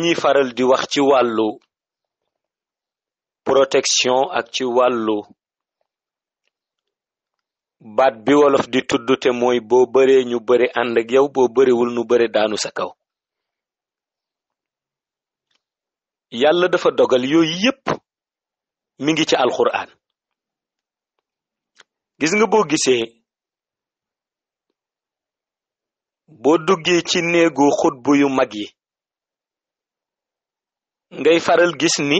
ñuy faral di wax ci wàllu protection ak ci wàllu baat bi wolof di tudd te mooy boo bëree ñu bëri ànd ak yow boo bëriwul nu bëri daanu sa kaw yàlla dafa dogal yooyu yépp mi ngi ci alxuraan gis nga boo gisee boo duggee ci néegu xutbu yu mag yi ngay faral gis ni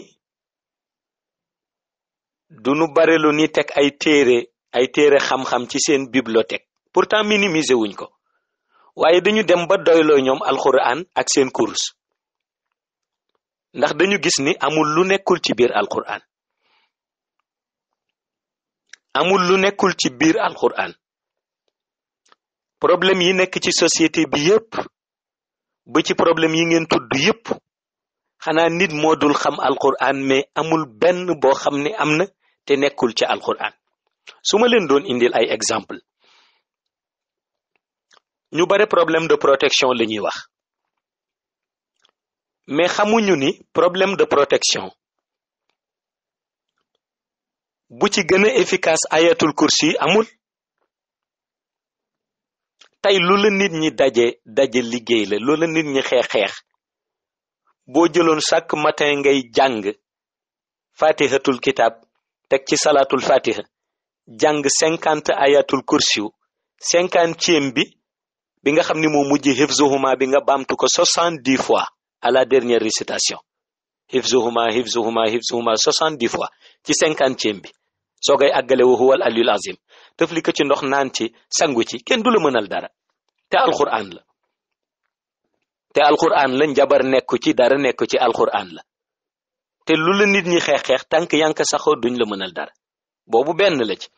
du nu bare lu ni teg ay téere ay téere xam-xam ci seen bibliothèque pourtant minimiser wuñ ko waaye dañu dem ba doyloo ñoom alxuraan ak seen cours ndax dañu gis ni amul lu nekkul ci biir alxuraan amul lu nekkul ci biir alxuraan problème yi nekk ci société bi yépp ba ci problème yi ngeen tudd yépp xanaa nit moo dul xam alquran mais amul benn boo xam ne am na te nekkul ci alquran su ma leen doon indil ay exemple ñu bare problème de protection la ñuy wax mais xamuñu ni problème de protection bu ci gën a efficace ayatul kursi amul tey lu la nit ñi daje daje liggéey la lu la nit ñi xeex xeex boo jëloon chaque matin ngay jàng fatihatul kitab teg ci salaatul fatiha jàng cinquante ayatul kursiyu cinquantième bi bi nga xam ni moo mujj hifzuhuma bi nga baamtu ko soixante-dix fois à la dernière récitation hifzuhuma hifzuhuma hifzuhuma soixante-dix fois ci cinquante cinquantième bi so koy àggale wa huwal aliyul azim tëfli ko ci ndox naan ci sangu ci kenn du la mënal dara te alquran la te alxuraan la jabar nekku ci dara nekku ci alxuraan la te lu la nit ñi xeex xeex tànk yank saxoo duñ la mënal dara boobu benn la ci